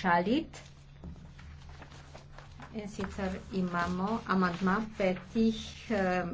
šalit. In sicer imamo amantma petih eh,